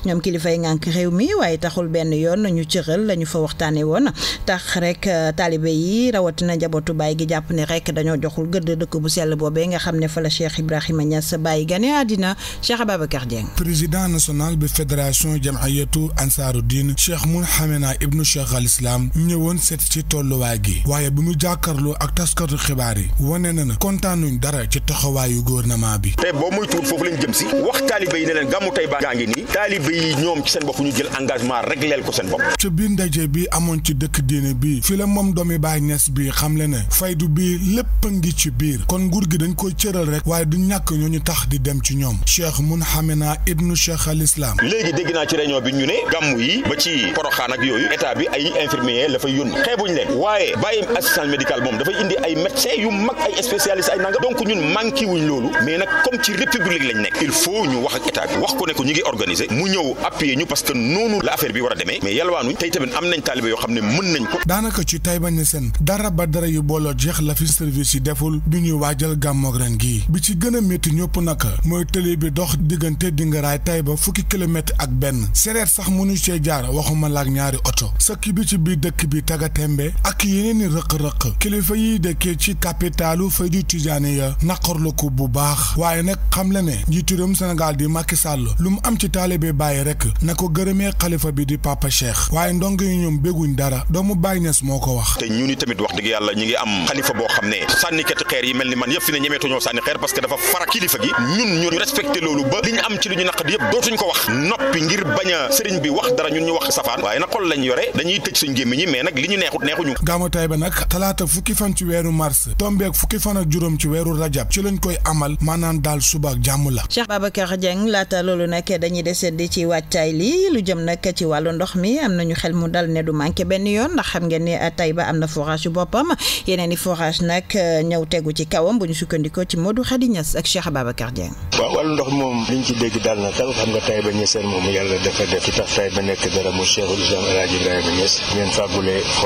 ñoom kilifa yi ngànk réew mi waaye taxul benn yoon ñu cëral la ñu fa waxtaanee woon tax rek uh, taalibe yi rawatina njabootu baay gi jàpp ne rek dañoo joxul gëdd dëkk bu sell boobee nga xam ne fa la Cheikh Ibrahima Niass Baye gane àddina Cheikh Ababacar Dieng. président national bi fédération jam'iyatu ansaaru diin Cheikh Mouhamena ibnu Cheikh al Islam ñëwoon seet ci tolluwaay gi waaye bu mu jàkkaarloo ak taskatu xibaar yi wane na na kontaanuñ dara ci taxawaayu gouvernement bi te boo muy tuut foofu lañ jëm si wax taalibe yi ne leen gàmmu Tayba gaa ngi nii taalibe yi ñoom ci seen bopp ñu jël engagement rek leel ko seen bopp ca biir ndaje bi amoon ci dëkk diine bi fi la moom doomi Baay Ñas bi xamle ne faydu bi lépp ngi ci biir kon nguur gi dañ koy cëral rek waaye du ñàkk ñooñu tax di dem ci ñoom Cheikh Munhamina ibnu Cheikh al Islam léegi dégg naa ci réunion bi ñu ne gàmmu yi ci poroxaan ak yooyu état bi ay infirmier la fay yónni xeebuñ leen waaye bàyyi assistance médicale moom dafay indi ay médecins yu mag ay spécialistes ay nangam donc ñun manqué loolu mais nag comme ci république lañ nekk il faut ñu wax ak état bi wax ko ne ñu ngi organiser mu ñëw appuyer ñu parce que noonu la affaire bi war a demee mais yalwaanuñ tey tamit am nañ taalibe yoo xam ne mën nañ ko daanaka ci tay bañ seen dara ba dara yu booloo jeex la fi yi deful bi ñuy waajal gàmmoog ren gii bi ci gën a métti ak benn sereer sax mënu cee jaar waxuma laak ñaari oto sëkk bi tembe ak yeneen i rëq-rëq kilifa yiy dëkkee ci capitalu faydu tijaane ya naqarlu bu baax waaye nag xam la ne njiitu réewum Sénégal di Macky Sall lu mu am ci taalibe bàyyi rek na ko gërëmee xalifa bi di Papa Cheikh waaye ndong yi ñoom bégguñ dara doomu Baye Niass moo ko wax te ñu ni tamit wax dëgg yàlla ñu ngi am xalifa boo xam ne sànnikati xeer yi mel ni man yëpp fi ne ñemeetu ñoo sànni xeer parce que dafa fara kilifa gi ñun ñu respecté loolu ba li ñu a sëriñ wax dara ñun ñu wax safaan na xol lañ neexut neexuñu gàmmu Taïba nag talaata fukki fan ci weeru mars tombeek fukki fan ak juróom ci weeru rajab ci lañ koy amal maanaam daal subaak jàmm la Cheikh Babacar Dieng laata loolu nag dañuy desandi ci wàccaay li lu jëm nag ci wàllu ndox mi am nañu xel mu dal ne du manqué benn yoon ndax xam ngeen ni ba am na forage yu boppam yeneen i forage nag ñëw tegu ci kawam bu ñu sukkandikoo ci Modou Khady Niass ak Cheikh Babacar Dieng waaw wàllu ndox moom liñ ci dégg daal na tal xam nga Taïba Niassène moom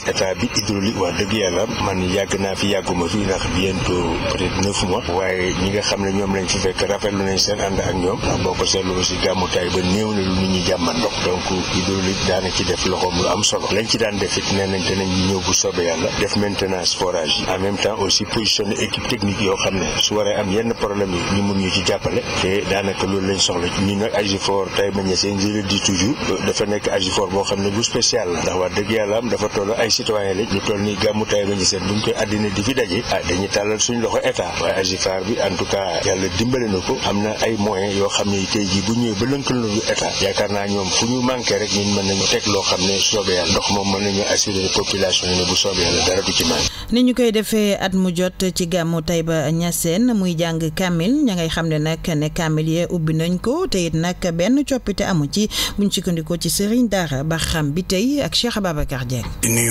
gis état bi hydraulique wax dëgg yàlla man yàgg naa fi yàgguma fi ndax bientôt peut être neuf waaye ñi nga xam ne ñoom lañ fi fekk rafetlu nañ seen ànd ak ñoom ndax boo ko seetlu aussi gàmmutaay ba néew na lu nit ñi jàmmandoo donc hydraulique daana ci def loxoom lu am solo lañ ci daan def it nee nañ danañ ñëw bu sobe def maintenance forage en même temps aussi positionné équipe technique yoo xam ne su waree am yenn problème yi ñu mun ñu ci jàppale daanaka loolu lañ soxla ñu nag Agifor tay ma ñeseen jële di toujours dafa nekk Agifor boo xam ne bu spécial la ndax wax dëgg yàlla am dafa toll ay citoyen la ñu toll nii gàmmu tay ba ñu seet buñ koy àddina di fi daje ah tàllal suñ loxo état waaye Agifar bi en tout cas yàlla dimbale na ko am na ay moyens yoo xam ne tey jii bu ñëwee ba lënkaloo état yaakaar naa ñoom fu ñu manqué rek ñun mën nañu teg loo xam ne soobee yàlla ndox moom mën nañu assurer population yi bu soobee yàlla dara du ci manqué. ni ñu koy defee at mu jot ci gàmmu Taïba Niassène muy jàng kaamil ña ngay xam ne nag ne Kamil yee ubbi nañ ko te it nag benn coppite amu ci buñ sukkandikoo ci Serigne Dara ba bi tey ak Cheikh Ababacar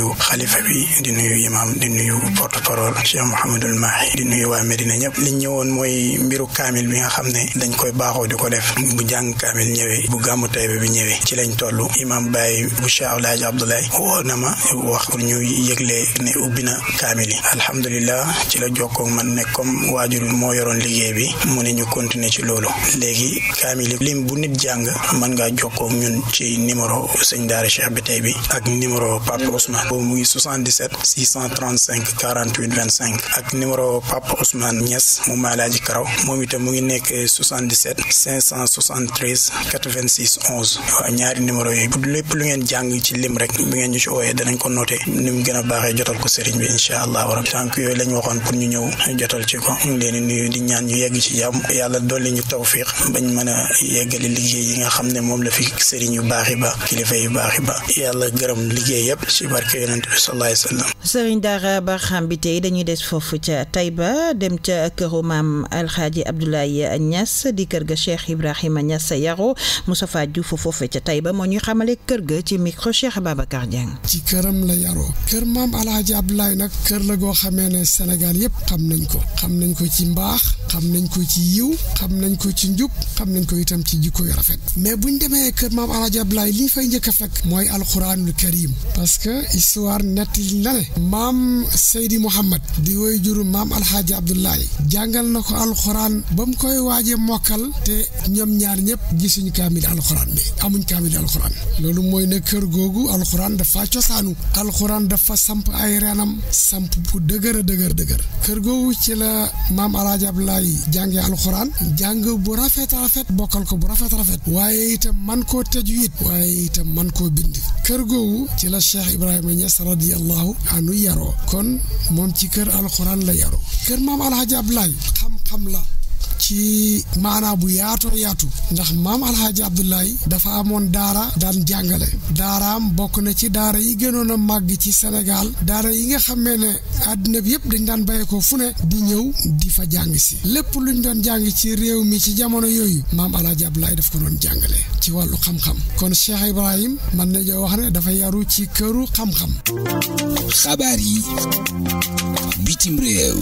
nuyu xalifa bi di nuyu imam di nuyu porte parole Cheikh Mouhamadul Mahi di nuyu waa na ñëpp liñ ñëwoon mooy mbiru kaamil bi nga xam ne dañ koy baaxoo di ko def bu jàng kaamil ñëwee bu gàmmu Tayba bi ñëwee ci lañ toll imam Baye bu Cheikh Alhaji Abdoulaye woo na ma wax pour ñu yëgle ne ubbi na kaamil yi alhamdulilah ci la jokkoo man ne comme waajur moo yoroon liggéey bi mu ne ñu continuer ci loolu léegi kaamil yi lim bu nit jàng man ngaa jokkoo ñun ci numéro sëñ boobu mu ngi 77 635 48 25 ak numéro Papa Ousmane Niass moom Alaaji Karaw moom itam mu ngi nekk 77 573 86 11 waaw ñaari numéro yooyu bu lépp lu ngeen jàng ci lim rek bu ngeen ñu ci wooyee danañ ko noté ni mu gën a baaxee jotal ko sëriñ bi incha allah rabbi tànk yooyu lañ waxoon pour ñu ñëw jotal ci ko ñu leen di nuyu di ñaan ñu yegg ci jàmm yàlla dolli ñu tawfiq bañ mën a yeggali liggéey yi nga xam ne moom la fi sëriñ yu baax yi ba kilifa yu baax yi ba yàlla gërëm liggéey yëpp ci barke yonent bi sallallahu alayhi wa sallam. sëriñ Daara Barham bi tey dañuy des foofu ca Taïba dem ca këru maam Alxaaji Abdoulaye Niass di kër ga Cheikh Ibrahima Niass Yaro Moustapha Diouf foofu ca Taïba moo ñuy xamale kër ga ci micro Cheikh Babacar Dieng. ci këram la yaroo kër maam Alxaaji Abdoulaye nag kër la goo xamee ne Sénégal yépp xam nañ ko xam nañ ko ci mbaax xam nañ ko ci yiw xam nañ ko ci njub xam nañ ko itam ci jikko yu rafet mais buñ demee kër maam Alxaaji Abdoulaye li fay njëkk a fekk mooy alxuraanul karim parce que soir netti na mam seydi mohammed di woy juru mam alhaaji Jangal jàngal na ko alxuraan koy waje mokal te ñom ñaar ñep gisuñu kamil alquran bi amuñ kamil alquran lolu moy ne kër googu alxuraan dafa cosaanu alxuraan dafa samp ay sampu samp bu dëgër a dëgër dëgër kër googu ci la mam alhaji abdoulaye jangé alquran jang bu rafet rafet bokal ko bu rafet rafet waye itam man ko tejuit it waaye itam man ko bind kër gogu ci la cheikh ibrahima انس رضي الله عنه يرو كن مومتي كر القران لا يرو كر مام الحاج ابلاي خم خم لا ci maanaa bu yaatoo yaatu ndax maam alxaaji Abdoulaye dafa amoon daara daan jàngale daaraam bokk na ci daara yi gënoon a màgg ci Sénégal daara yi nga xam ne àddina bi yëpp dañ daan bàyyeekoo fu ne di ñëw di fa jàng si lépp luñ doon jàng ci réew mi ci jamono yooyu maam alxaaji Abdoulaye daf ko doon jàngale ci wàllu xam-xam kon Cheikh Ibrahim man nañoo wax ne dafa yaru ci këru xam-xam xabaar yi bitim réew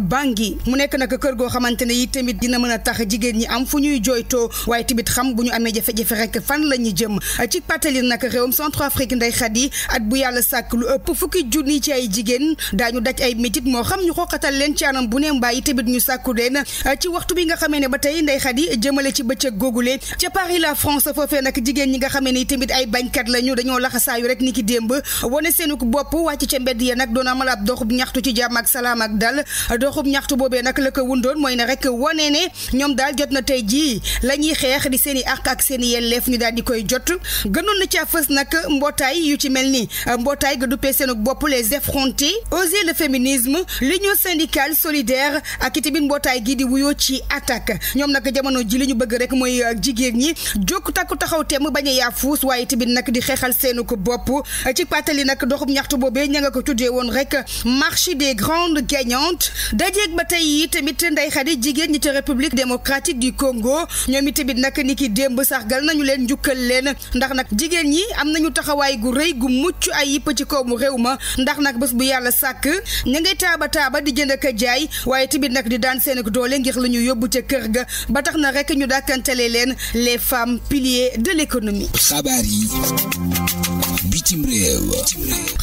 Bangui mu nekk nag kër goo xamante ne yi tamit dina mën a tax jigéen ñi am fu ñuy jooytoo waaye tamit xam bu ñu amee jafe-jafe rek fan la ñu jëm ci pàttali nag réewum centre Afrique Ndey Xadi at bu yàlla sàkk lu ëpp fukki junni ci ay jigéen daañu daj ay métit moo xam ñu xoqatal leen ci anam bu ne mbaa yi tamit ñu sàkku leen ci waxtu bi nga xamee ne ba tey Ndey Xadi jëmale ci bëccëg googule ca Paris la France foofee nag jigéen ñi nga xamee ne tamit ay bañkat lañu dañoo laxasaayu rek ni ki démb wane seenuk bopp wàcc ca mbedd ya nag doon amal ab dox bu ñaxtu ci jàmm ak salaam ak dal doxub ñaxtu bobé nak la ko wundoon moy ne rek woné né ñom dal jot na tey jii la ñuy di seen ak ak seen i yelleef ñu dal di koy jot gënoon na ci fës nak mbotay yu ci melni mbotay mbootaay ga duppee bop les effrontés oser le féminisme l'union syndicale solidaire ak itamit mbotay gi di wuyoo ci attaque ñom nak jamono ji liñu bëgg rek moy euh, jigéen ñi jóg takku taxaw tém baña ya fous waye tamit nak di xeexal seenu ko bopp ci patali nak doxub ñaxtu bobé ña nga ko tuddé won rek marché des grandes gagnantes dajeeg ba tey yi tamit nday xadi jigéen ñi ca république démocratique du Congo ñoom i tamit nag ni ki démb sargal nañu leen njukkal leen ndax nag jigéen ñi am nañu taxawaay gu rëy gu mucc ay yipp ci kaw réew ma ndax nag bés bu yàlla sàkk ña ngay taaba taaba di jënd ak jaay waaye tamit nag di daan seen doole ngir la ñu yóbbu ca kër ga ba tax na rek ñu dàkkantale leen les femmes piliers de l'économie xabaar yi bitim réew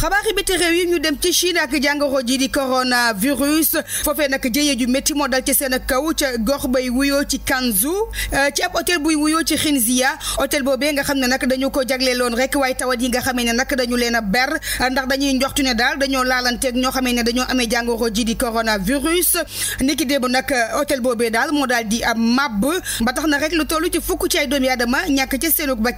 xabaari yi ñu dem ci Chine ak jàngoro ji di coronavirus foofee nag jëyee ju métti moo dal ca seen kaw ca gox bay wuyoo ci Kanzu eh, ci ab hôtel buy wuyoo ci Xinzia hôtel boobee nga xam ne nag dañu ko jagleeloon rek waaye tawat yi nga xamee ne nag dañu leen a ber ndax dañuy njoxtu ne daal dañoo laalanteeg ñoo xamee ne dañoo amee jàngoro ji di coronavirus niki démb nag eh, hôtel boobee daal moo daal di am màbb ba tax na rek lu toll ci fukk ci ay doomi aadama ñàkk ca seenug ba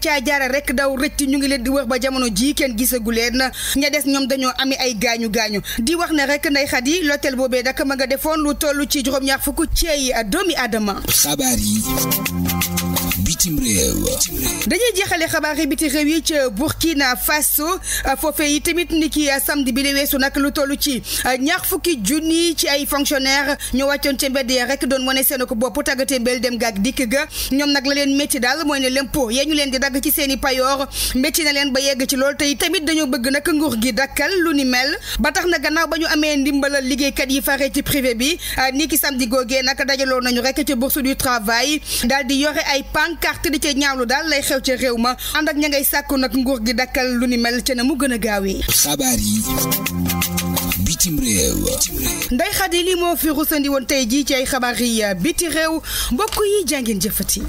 caa jaara rek daw rëcc ñu ngi leen di wax ba jamono ji kenn gisagu leen ña des ñoom dañoo amee ay gaañu gaañu di wax ne rek nday xat yi l'hôtel boobee dak ma nga defoon lu toll ci juróom-ñaar fukk ci ay doomi aadama xabaar yi bitim réew dañuy xabaar yi biti réew yi ci Burkina Faso foofee yi tamit ni ki samedi bi la weesu nak lu tollu ci ñaar fukki junni ci ay fonctionnaire ñu waccion ci mbedd ya rek doon woné seen ko bopp tàggatee mbel dem gaag dikk ga ñom nak la leen métti dal moy ne l'impôt yee ñu leen di dag ci seen payor payoor na leen ba yegg ci lool tey tamit dañu bëgg nak nguur gi dakkal lu ni mel ba tax na gannaaw ba ñu amee liggéey kat yi faree ci privé bi ni ki samedi gogé nak dajaloo nañu rek ci bourse du travail dal di yoré ay pancartes carte di ca ñaawlu daal lay xew ca réew ma ànd ak ña ngay sàkku nag nguur gi dakkal lu ni mel ca na mu gën a gaawee. xabaar yi. bitim réew. Ndeye Khady li moo fi rusandi tey jii ci ay xabaar yi biti réew mbokk yi jàngeen jëfati.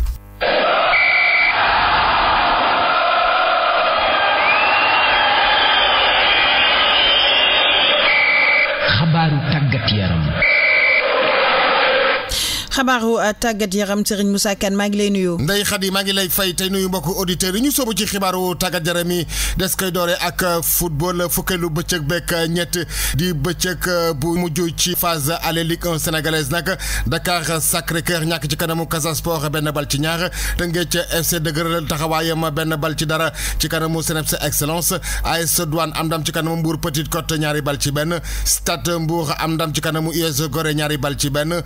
xabaaru euh, tàggat yaram Serigne Moussa Kane maa ngi lay nuyu. Ndeye Khady maa ngi lay fay tey nuyu mbokku auditeurs yi ñu sóobu ci xibaaru tàggat yaram yi des koy doore ak euh, football fukkeelu bëccëg beeg euh, ñett di bëccëg bu mujj ci phase aller Ligue 1 sénégalaise nag Dakar Sacré-Cœur ñàkk ci kanamu Casa Sport benn bal ci ñaar Teungueth FC dëgëral taxawaayam benn bal ci dara ci kanamu CNEPS Excellence AS Douane am ndam ci kanamu Mbour Petite Côte ñaari bal ci benn Stade Mbour am ndam ci kanamu US ñaari bal ci benn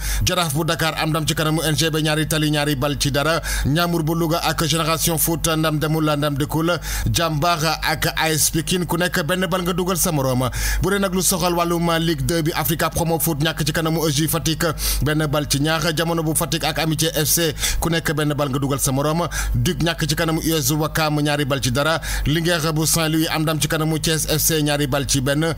am ndam ci kanamu NGB ñaari tali ñaari bal ci dara ñaamur bu Louga ak génération foot ndam demul la ndam dikkul jàmbaar ak AS Pikine ku nekk benn bal nga dugal sa moroom bu dee nag lu soxal wàllum Ligue 2 bi Africa Promo Foot ñàkk ci kanamu EJ Fatick benn bal ci ñaar jamono bu Fatick ak Amitié FC ku nekk benn bal nga dugal sa moroom Duc ñàkk ci kanamu US Ouakam ñaari bal ci dara Linguère bu Saint-Louis am ndam ci kanamu Thiès FC ñaari bal ci benn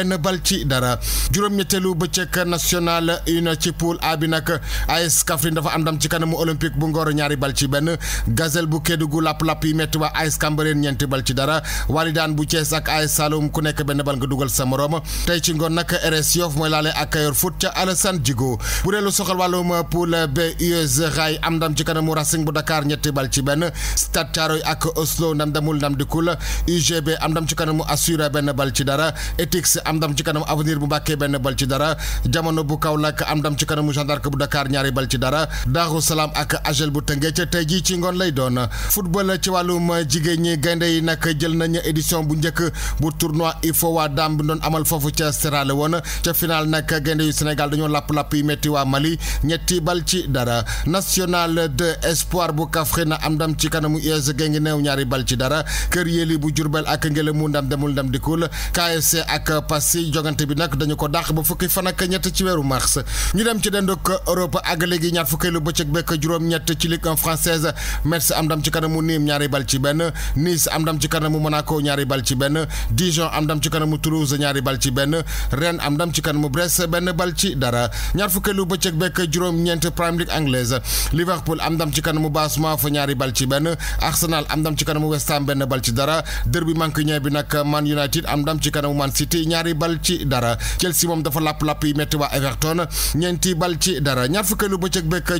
benn bal ci dara juróom-ñetteelu bëccëg national une ci poule A bi nag AS Kaffrine dafa am ndam ci kanamu olympique bu Ngor ñaari bal ci benn Gazelle bu Kédougou lapp-lapp yi metti waa AS Cambérène ñeenti bal dara Walidaan bu Thiès ak AS ku nekk benn bal nga dugal sa morom tey ci ngoon nag RS Yoff mooy laale ak Kayor Foot ca Alassane Djigo bu soxal wàllum poule B US Rail am ndam ci kanamu Racing bu Dakar ñetti bal ci benn Stade Thiaroye ak Oslo ndam damul ndam dikul UGB am ndam ci kanamu Assura benn bal ci dara Etix am ndam ci kanam avenir bu Mbàkke benn bal ci dara jamono bu Kaolack am ndam ci kanamu Jeanne d'Arc bu Dakar ñaari bal ci dara Daaru Salaam ak Agel bu Tëngéej tey jii ci ngoon lay doon football ci wàllum jigéen ñi gaynde yi nag jël nañu édition bu njëkk bu tournoi UFOA Dame bi doon amal foofu ca Sierra Leone ca final nag gaynde yu Sénégal dañoo làpp-làpp yi metti waa Mali ñetti bal ci dara national de espoir bu na am ndam ci kanamu US Guinguinéo ñaari bal ci dara Kër Yéli bu Jurbel ak Ngelamu ndam demul ndam dikul KFC ak Croatie jogante bi nag dañu ko dàq ba fukki fan ak ñett ci weeru mars ñu dem ci dendok Europe ak léegi ñaar fukki lu bëccëg bekk juróom-ñett ci Ligue 1 française Metz am ndam ci kanamu Nîmes ñaari bal ci benn Nice am ndam ci kanamu Monaco ñaari bal ci benn Dijon am ndam ci kanamu Toulouse ñaari bal ci benn Rennes am ndam ci kanamu Brest benn bal ci dara ñaar fukkeelu lu bëccëg bekk juróom-ñeent Premier League anglaise Liverpool am ndam ci kanamu Bournemouth ñaari bal ci benn Arsenal am ndam ci kanamu West Ham benn bal ci dara derby bi nag Man United am ndam ci kanamu Man City ñaari bal ci dara Chelsea moom dafa làpp-làpp yi métti waa Everton ñeenti bal ci dara ñaar fukkeelu bëccëg bekk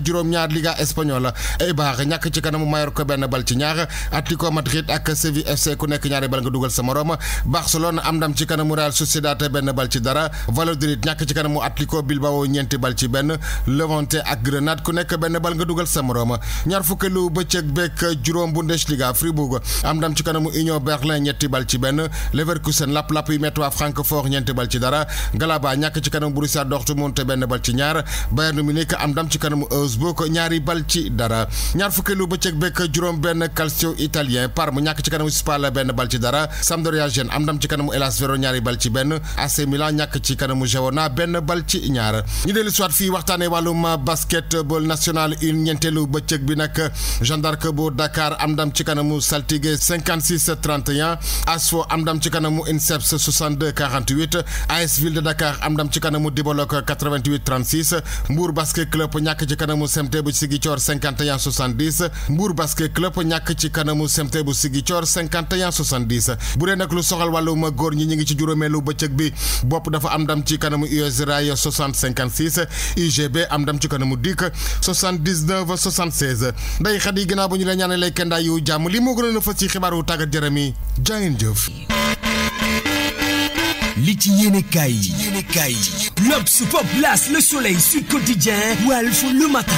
ku am ndam ci kanamu Real Sociedad benn bal ci dara Valladolid ñàkk ci kanamu Atlético Bilbao ñeenti bal ci benn Levante ak Grenade ku nekk benn bal nga dugal sa morom ñaar fukkeelu bëccëg bekk juróom Bundesliga Fribourg am ndam ci kanamu Union Berlin ñetti bal ci benn Leverkusen làpp-làpp yi métti waa Francfort Oor ñeenti bal ci dara Galaba ñàkk ci kanamu Borussia Dortmund te benn bal ci ñaar Bayern Munich am ndam ci kanamu Augsburg ñaari bal ci dara ñaar fukkeelu bëccëg bekk juróom benn calcio italien Parme ñàkk ci kanamu Spal benn bal ci dara Sampdoria Gene am ndam ci kanamu Hellas Verona ñaari bal ci benn AC Milan ñàkk ci kanamu Genoa benn bal ci ñaar ñu dellu fii waxtaanee wàllum basketball national une ñeenteelu bëccëg bi nag Jeanne d'Arc 58 AS Ville de Dakar am ndam ci kanamu Dibalock 88 36 Mbour Basket Club ñàkk ci kanamu Semte bu Sigicoor 51 70 Mbour Basket Club ñàkk ci kanamu Semte bu Sigicoor 51 70 bu dee nag lu soxal wàllum góor ñi ñu ngi ci juróomeelu bëccëg bi bopp dafa am ndam ci kanamu USRA 60 56 UGB am ndam ci kanamu DIC 79 76 day xat yi ginnaaw bu ñu la ñaanalee kendaay yu jàmm li moo gënoon a fës ci xibaaru tàggat yaram yi jëf li ci yéene kaay yi yéene kaay yi L'Obs, Pop, L'As, Le Soleil, Sud Quotidien, Walf, lu Matin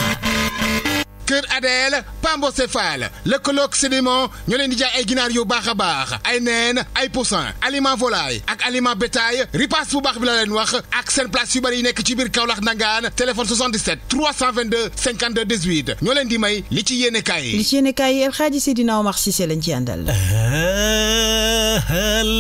Kër Adel Pambocéphale le sédiment ñoo leen di jaay ay ginaar yu baax a baax ay neen ay poussin aliment volaille ak aliment bétail ripaas bu baax bi la leen wax ak seen place yu bari yi nekk ci biir Kaolack Ndangaan téléphone 77 322 52 18 ñoo leen di may li ci yéene kaay li ci yéene kaay El Hadji Seydina Omar Cissé lañ ci àndal.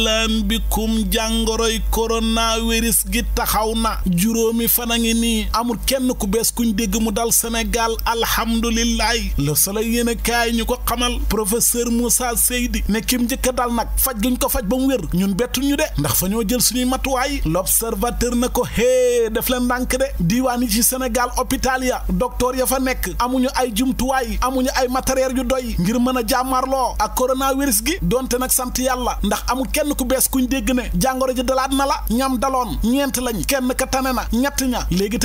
lan bikum jàngoroy coronavirus gi taxaw na juróomi fan a ngi nii amul kenn ku bees kuñ dégg mu dal Sénégal alhamdulilah. lillaay Le Soleil yéen a kaay ñu ko xamal professeur Moussa Seydi ne kim njëkka dal nag faj gi ñu ko faj ba mu wér ñun bettuñu de ndax fa ñoo jël suñuy matuwaay L'Observateur na ko hee def la ndànk de diwaan yi ci Sénégal hôpital ya docteur ya fa nekk amuñu ay jumtuwaay amuñu ay matériel yu doy ngir mën a a ak coronavirus gi donte nag sant yàlla ndax amul kenn ku bees kuñ dégg ne jàngoro ji dalaat na la ñam daloon ñeent lañ kenn ka tane na ñett ña léegi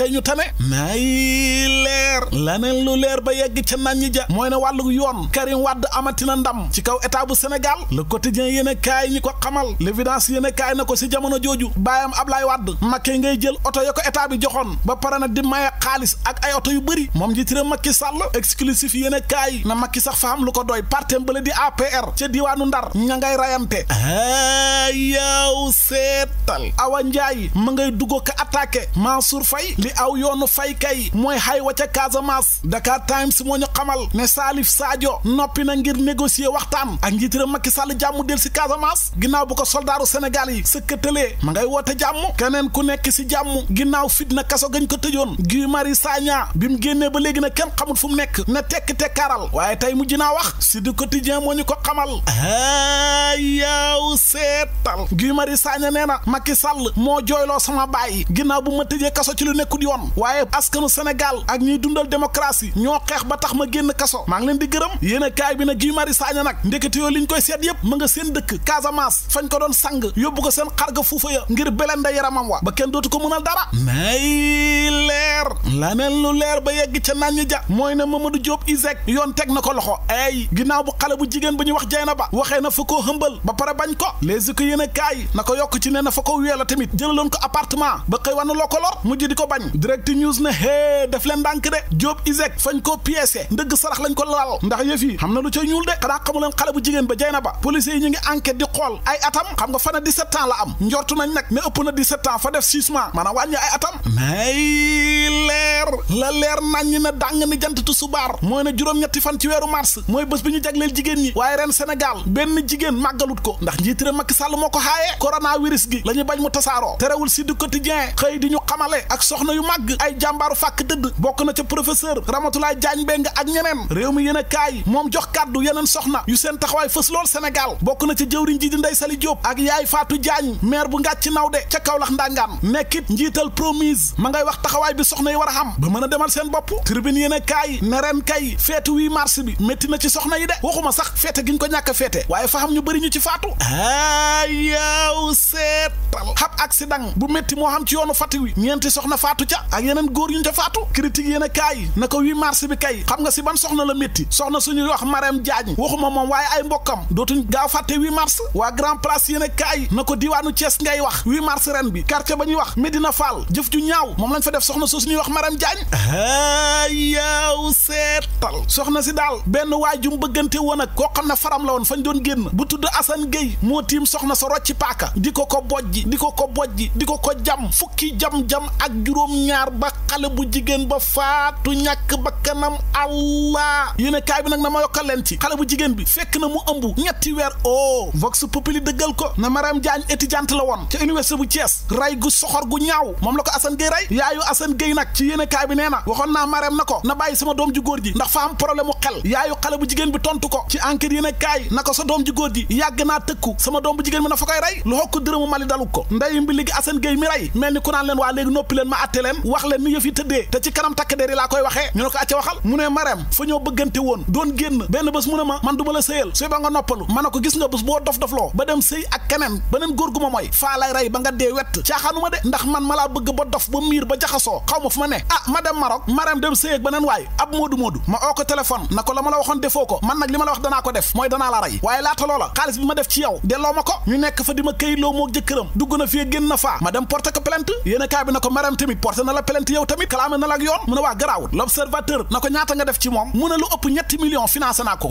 yegg ca nañ ñi ja mooy ne wàllu yoon Karim Wade amatina ndam ci kaw état bu Sénégal le quotidien yi a kaay ñi ko xamal l'évidence yéen a na ko si jamono jooju baayam Ablaye Wade Macky ngay jël oto ya ko état bi joxoon ba pare na di maye xaalis ak ay oto yu bëri moom ji tëra Macky Sall exclusif yéen a kaay na Macky sax fa am lu ko doy partem bale di APR ca diwaanu Ndar ña ngay rayante a ah, yow seetal Awa Ndiaye ma ngay duggoo ko attaqué Mansour Faye li aw yoonu fay kay mooy xay times moo ñu xamal ne saalif Sadio noppi na ngir négocier waxtaan ak njiitiram Macky Sall jàmm del si Casamance ginnaaw bu ko soldaaru Sénégal yi sëkkatalee ma ngay woote jàmm keneen ku nekk si jàmm ginnaaw fitna kaso gañ ko tëjoon Guy mari Sagna bi mu génnee ba léegi na kenn xamul fu mu nekk na tekk tekkaaral waaye tey mujj naa wax si du quotidien moo ñu ko xamal a yaaw seetal Guy Marius Sagna nee na Macky sàll moo jooyloo sama baay ginnaaw bu ma tëjee kaso ci lu nekkul yoon waaye askanu Sénégal ak ñuy dundal démocratie neex ba tax ma génn kaso maa ngi leen di gërëm yéen a kaay bi na Guy Marius Sagna nag ndekete yoo li ñu koy seet yëpp ma nga seen dëkk Casamance fañ ko doon sang yóbbu ko seen xar ga fuufa ya ngir belenda yaramam wa ba kenn dootu ko mënal dara nay leer laneen lu leer ba yegg ca naan ja mooy ne Mamadou Diop ISEG yoon teg na ko loxo ay ginnaaw bu xale bu jigéen bu ñuy wax jay na ba waxee na fa koo hëmbal ba pare bañ ko les ko yéen a kaay na ko yokk ci ne na fa ko wéela tamit jëlaloon ko appartement ba xëy wan loo ko lor mujj di ko bañ direct news ne def leen ndànk de Diop ISEG pièce ndëgg sarax lañ ko laal ndax yëf xam na lu ca ñuul de xanaa xamu leen xale bu jigéen ba jay na ba policiers yi ñu ngi enquête di xool ay atam xam nga fana 17 ans la am njortu nañ nag ne ëpp na 17 ans fa def 6 mois maanaam wàññi ay atam may leer la leer nañ na dàng ni jant tu subaar mooy na juróom-ñetti fan ci weeru mars mooy bés bi ñu jagleel jigéen ñi waaye ren Sénégal benn jigéen màggalut ko ndax njiit réew Macky Sall moo ko xaayee coronavirus gi la ñu bañ mu tasaaroo terewul si du quotidien di ñu xamale ak soxna yu màgg ay jàmbaaru fàkk dëdd bokk na ca professeur Ramatoulaye Diagne Diagne Mbeng ak ñeneen réew mi yéen a kaay moom jox kàddu yeneen soxna yu seen taxawaay fës lool Sénégal bokk na ci jëwriñ ji di Ndeye Saly Diop ak yaay Fatou jaañ maire bu ci Ngàcc de ca kaw Kaolack ndangaan nekkit njiital promise ma ngay wax taxawaay bi soxna yi war a am ba mën a demal seen bopp tribune yéen a kaay ne ren kay feetu 8 mars bi métti na ci soxna yi de waxuma sax feete giñ ko ñàkk a feete waaye fa xam ñu bëri ñu ci faatu ayaw seetal ab accident bu métti moo xam ci yoonu Fatick wi ñeenti soxna ca ak yeneen góor yu ñu ca faatu a kaay gay xam nga si ban soxna la metti soxna suñu wax Marème Diagne waxuma mom waaye ay mbokam dotuñ gaaw fàtte 8 mars wa grand place yene kay nako diwanu ties ngay wax 8 mars ren bi quartier bañu wax Medina Fall jëf ju ñaaw mom lañ fa def soxna suñu wax Marème Diagne a yow seetal soxna si dal ben wajum bëggante woon ak koo xam faram la won fañ doon genn bu tuddu asan gay mo tim soxna so rocci paka di ko bojji di ko bojji di ko jam fukki jam-jam ak juroom ñaar ba xale bu jigen ba faatu ñàkk bakkanam allah yéene kaay bi nag na ma yokkal leen ci xale bu jigéen bi fekk na mu ëmbu ñetti weer o oh, vox populi dëggal ko na Mariam Diagne étudiante la woon ca université bu Thiès ray gu soxor gu ñaaw moom la ko Assane Gueye ray yaayu Assane Gueye nag ci yéene kaay bi nee na waxoon naa Mariam na ko na bàyyi sama doom ju góor ji ndax fa am problème mu xel yaayu xale bu jigéen bi tontu ko ci enquête yéene kaay na ko sa doom ju góor ji yàgg naa tëkku sama doom bu jigéen bi na fa koy ray lu xokk dërëmu ni ku naan leen waa léegi noppi leen wax leen ni yëf yi tëddee te laa koy waxee ñu ne waxal mu ne Marème ñoo bëggante woon doon génn benn bés mu a ma man du ma la sëyal suy ba nga noppalu ma ne ko gis nga bés boo dof dofloo ba dem sëy ak keneen beneen góor gu ma mooy faa lay rey ba nga dee wett caaxaanu ma de ndax man ma laa bëgg ba dof ba miir ba jaxasoo xaw ma fu ma ne ah ma dem Maroc Marème dem sëy ak beneen waay ab moodu moodu ma oo ko téléphone na ko la ma la waxoon defoo ko man nag li ma la wax danaa ko def mooy danaa la rey waaye nekk fa di dugg na fii génn na faa ma dem porté ko plainte a ñaata ko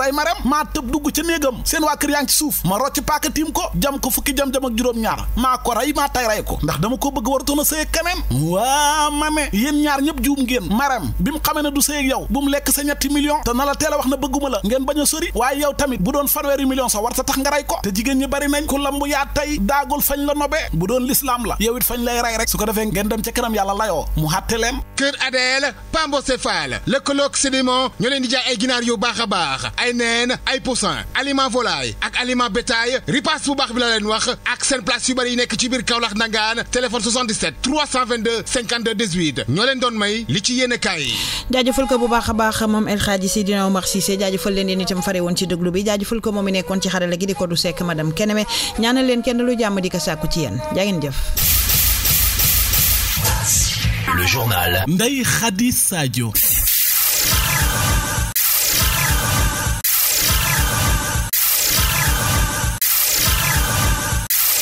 rey ma waa kër yaa ngi ci suuf ma rocc paaka tiim ko jam ko tay rey ko ndax dama ko bëgg waratoon a sëy keneen waa ma ne yéen ñaar ñëpp juum ngeen marem bi mu xamee ne du sëy yow bu mu lekk sa ñetti millions te na la teel a wax na bëgguma la ngeen bañ a sori waaye yow tamit bu doon fanweeri million sa war sa tax nga rey ko te jigéen ñi bari nañ ko lamb yaa tey daagul fañ la nobee bu doon lislaam la yow fañ lay rey rek defee ngeen dem ca kanam yàlla layoo mu xàtte kër Adel Pambo Céphale lëkkaloog sédiment ñoo leen di jaay ay ginaar yu baax a baax ay neen ay poussin aliment volaille ak aliment bétail ripaas bu baax bi la leen wax ak seen place yu bëri yi nekk ci biir Kaolack nangaan téléphone ñoo leen doon may li ci yéene kaay yi jaajëfal ko bu baax a baax moom El Hadji Sidina Omar Cissé leen yéen itam fare ci déglu bi jaajëfal ko moom mi nekkoon ci xarala gi di di ko Le journal Nday Khady Sadio.